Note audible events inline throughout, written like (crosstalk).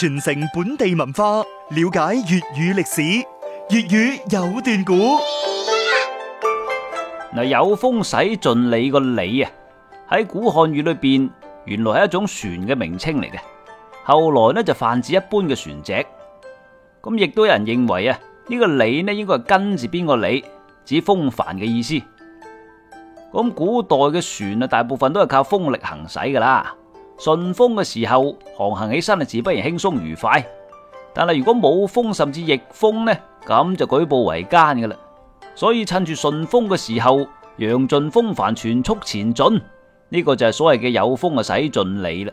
傳承本地文化，了解粵語歷史，粵語有段古嗱， (laughs) 有風駛盡你個艃啊！喺古漢語裏邊，原來係一種船嘅名稱嚟嘅，後來呢，就泛指一般嘅船隻。咁亦都有人認為啊，呢、這個艃咧應該係跟住邊個艃，指風帆嘅意思。咁古代嘅船啊，大部分都係靠風力行駛噶啦。順風嘅時候航行起身啊，自不然輕鬆愉快。但係如果冇風甚至逆風呢，咁就舉步維艱噶啦。所以趁住順風嘅時候，揚盡風帆，全速前進。呢個就係所謂嘅有風啊，駛盡艃啦。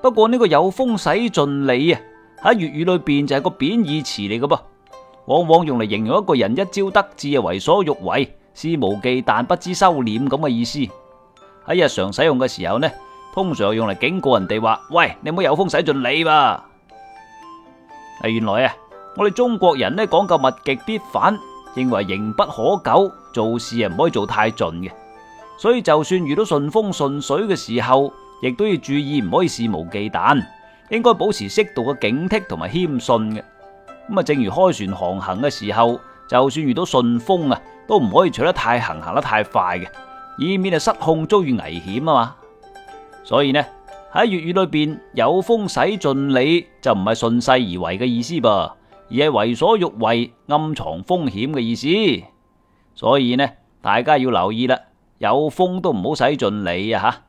不過呢個有風駛盡艃啊，喺粵語裏邊就係個貶義詞嚟嘅噃，往往用嚟形容一個人一朝得志啊，為所欲為，肆無忌憚，不知收斂咁嘅意思。喺日常使用嘅時候呢。通常用嚟警告人哋話，喂，你唔好有風駛盡艃噃。啊，原來啊，我哋中國人呢講究物極必反，認為盈不可久，做事啊唔可以做太盡嘅。所以就算遇到順風順水嘅時候，亦都要注意唔可以肆無忌憚，應該保持適度嘅警惕同埋謙遜嘅。咁啊，正如開船航行嘅時候，就算遇到順風啊，都唔可以取得太行行得太快嘅，以免啊失控遭遇危險啊嘛。所以呢喺粵語裏邊，有風駛盡艃就唔係順勢而為嘅意思噃，而係為所欲為、暗藏風險嘅意思。所以呢，大家要留意啦，有風都唔好駛盡艃啊吓！